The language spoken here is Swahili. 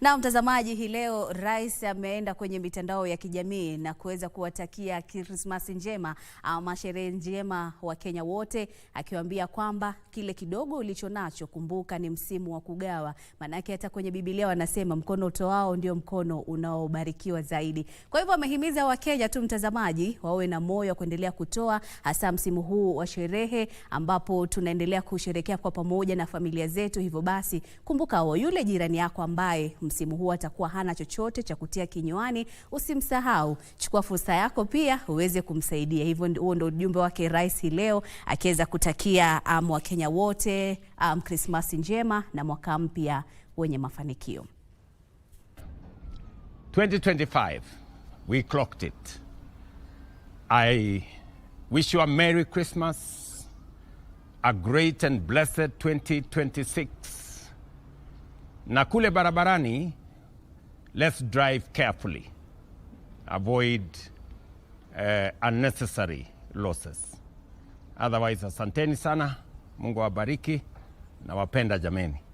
Na mtazamaji, hii leo rais ameenda kwenye mitandao ya kijamii na kuweza kuwatakia Krismasi njema ama sherehe njema wa Kenya wote, akiwaambia kwamba kile kidogo ulicho nacho kumbuka ni msimu wa kugawa, maanake hata kwenye Biblia wanasema mkono utoao ndio mkono unaobarikiwa zaidi. Kwa hivyo amehimiza Wakenya tu, mtazamaji, wawe na moyo wa kuendelea kutoa, hasa msimu huu wa sherehe ambapo tunaendelea kusherekea kwa pamoja na familia zetu. Hivyo basi kumbuka yule jirani yako ambaye msimu huu atakuwa hana chochote cha kutia kinywani, usimsahau. Chukua fursa yako pia uweze kumsaidia. Hivyo huo ndio ujumbe wake rais leo akiweza kutakia um, Wakenya wote um, Krismasi njema na mwaka mpya wenye mafanikio. 2025 we clocked it. I wish you a merry Christmas, a great and blessed 2026 na kule barabarani, let's drive carefully, avoid uh, unnecessary losses. Otherwise, asanteni sana. Mungu awabariki na wapenda jameni.